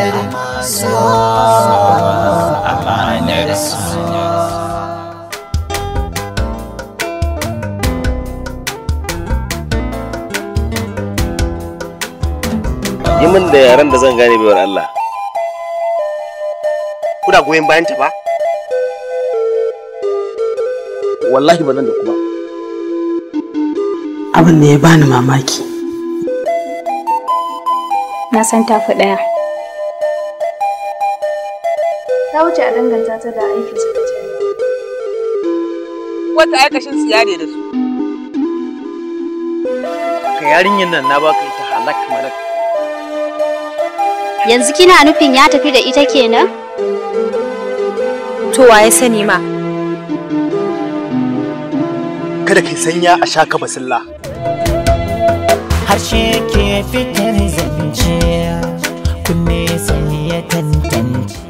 amanar so amanar so yi min da yaren da zan gane baiwar Allah. Kuna goyon bayan ta ba? Wallahi ba nan da kuma. Abin da ya bani mamaki. Na san tafi ɗaya. ta wuce a danganta ta da aikin su da jami'a. Wata aikashin su yare da su. Ka yarinyar nan na baka ita halak malak. Yanzu kina nufin ya tafi da ita kenan? To wa ya sani ma? Kada ki sanya a sha basilla. Harshe ke fitar zance, kunne sai ya tantance.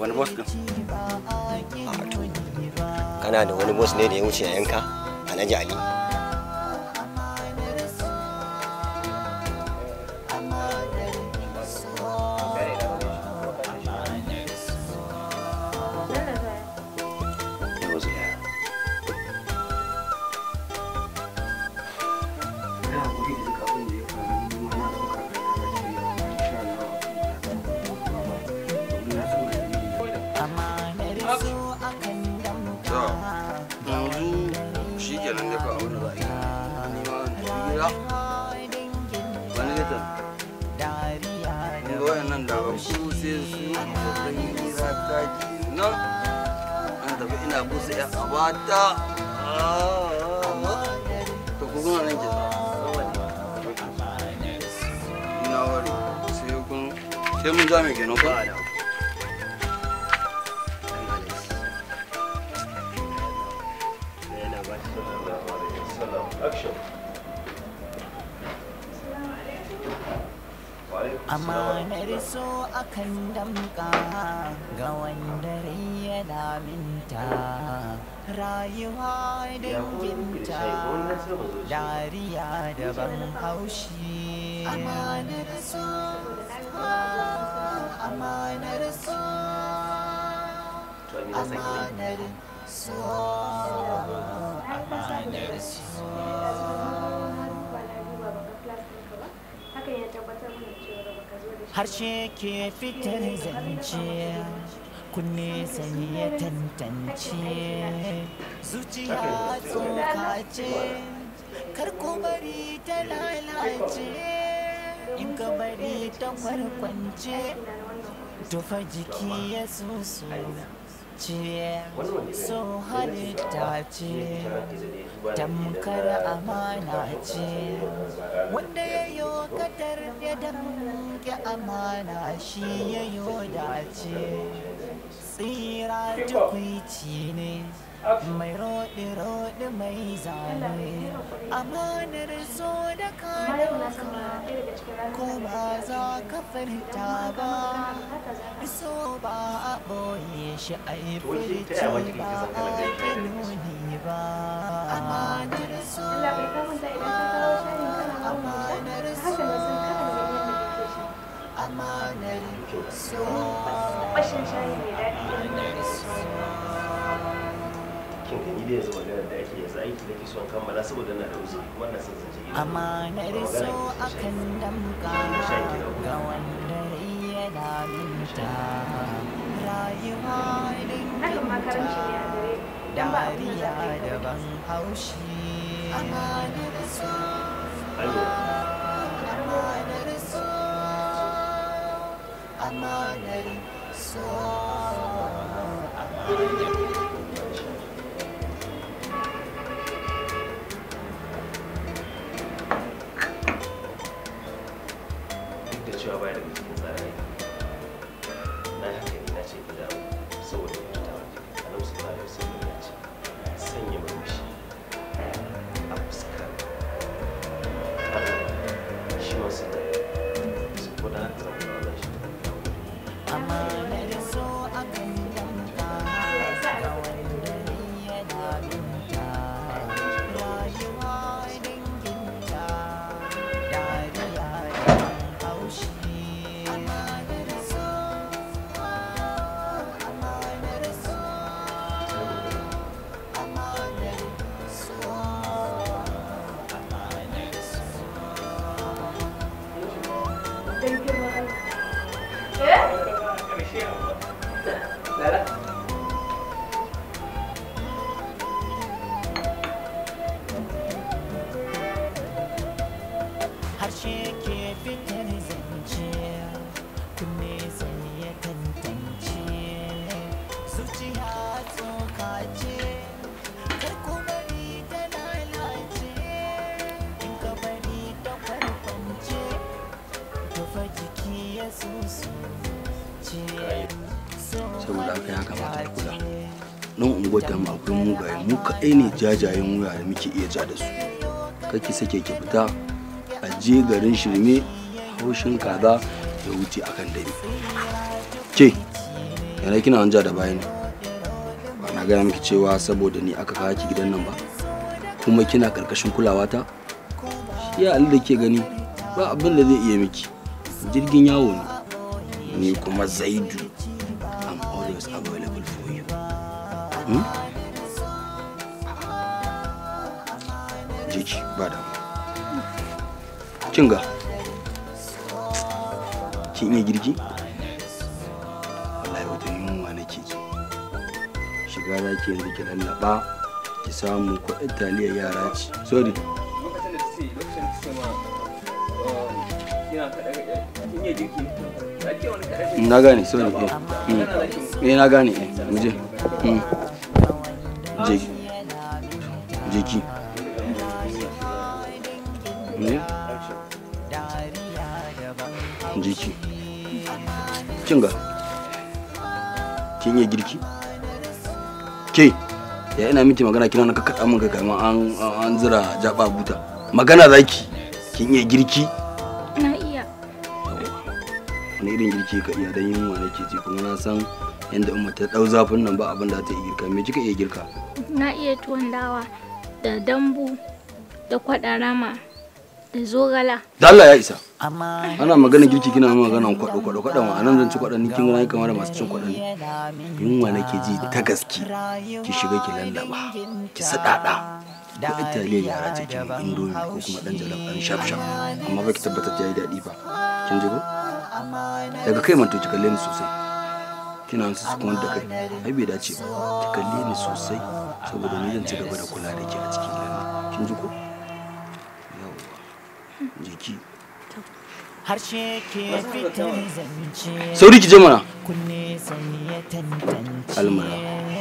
wani boss din kana da wani boss ne da ya wuce yanka alhaji ali sai su hira ta ji nan ina busa ya abata to ku gona nan kenan ina mun kan damka ga wanda ya daminta rayuwa danginta dariya da ban haushi amanar so amanar so amanar so amanar so harshe ke fitar zance kunne sani ya tantance zuciya tsoka ce bari ta lalace in ka bari ta kwarkwance tufa jiki ya susu ce so halitta ce tamkar amana ce wanda ya yi kadar ya damke amana shi ya yi dace tsira tukwici ne mai roɗe roɗe mai zane amanar zo da ka ko ba za ka fahimta ba so ba a boye shi a yi furci ba a kanoni ba amanar so amanar so amanar so amanar so kin gani da ake yanzu kammala saboda na da amanar so akan damka ga wanda minta rayuwa dinkinta dariya da ban haushi amanar so amanar so Aman kasance kunne sai ya tantance zuciya tsoka ce ta saboda haka ya kamata kula nan unguwar ta akwai mugaye mu kaɗai ne jajayen wuya da muke iya ja da su kake sake ki fita a je garin shirme haushin kaza ya wuce akan dare ke yana kina an ja da bayan ba na gaya miki cewa saboda ni aka kawo ki gidan nan ba kuma kina karkashin kulawa ta shi ya da ke gani ba abin da zai iya miki jirgin yawo ne ni kuma zaidu i'm always available for you hmm? jiki ba da kinga kin iya girki wallahi wata yunwa nake ji shiga za ki yanzu ki lallaba ki samu ko italiya yara ci sorry lokacin da ta ce lokacin da ta ce ma um, kina kaɗa kin iya girki na gane sorry eh hmm. eh na gane eh muje je hmm. je ki jeki hmm. jiki kin ga kin yi girki ke ya ina miki magana kina na kakkaɗa min kai kamar an an zira jaba buta magana zaki kin yi girki na iya wani irin girki ka iya dan yunwa ke ji kuma na san yanda umma ta dau zafin nan ba abin da ta iya girka me kika iya girka na iya tuwon dawa da dambu da kwaɗa rama zogala da Allah ya isa ana magana girki kina magana kwado kwado kwadan wa anan zan ci kwadan kin gani kamar masu cin kwadan yunwa nake ji ta gaske ki shiga ki lallaba ki sadada ko italiya yara ce kin indomi ko kuma dan jalaf dan shaf shaf amma ba ki tabbatar ta yi daɗi ba kin ji ko daga kai manto ki kalle ni sosai kina su kuma da kai ai bai dace ba ki kalle ni sosai saboda ni zan ci gaba da kula da ke a cikin lallaba kin ji ko jiki sauri ki je mana almara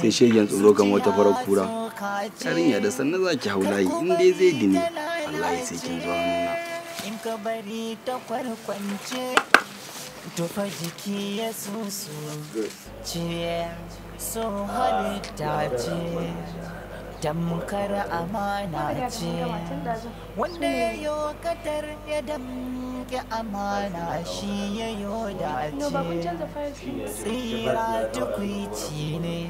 sai shegen tsoro kan wata farar kura yarinya da sannan za ki hau layi in dai zai dini Allah ya sai kin zuwa nuna in ka bari ta kwarkwance tufa jiki ya susu ciye so halitta ce tamkar amana ce wanda ya yi katar ya damke amana shi ya yi dace tsira tukwici ne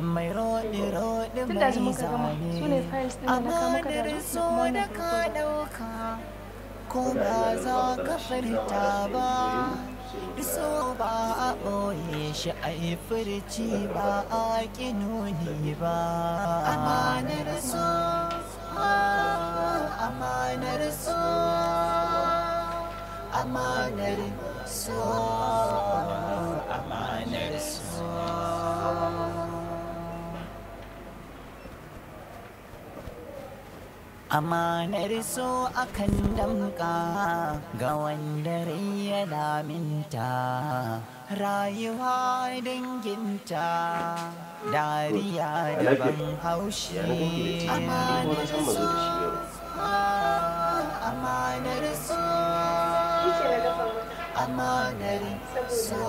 mai roɗi-roɗi mai zane amanar so da ka ɗauka ko ba za ka farta ba iso ba a ɓoye shi a yi furci ba a ƙi ba amanar so amanar so amanar so amanar so akan damka ga wanda ya daminta rayuwa danginta dariya daban haushi ah, amanar so amanar so amanar so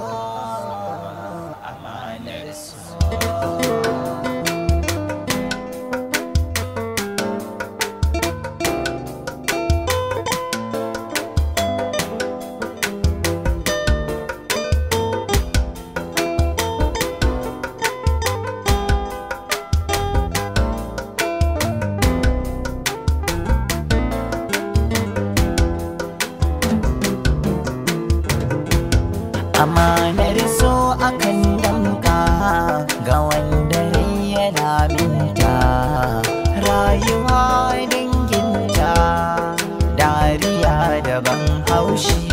amanar so aminta rayuwa danginta dariya daban haushi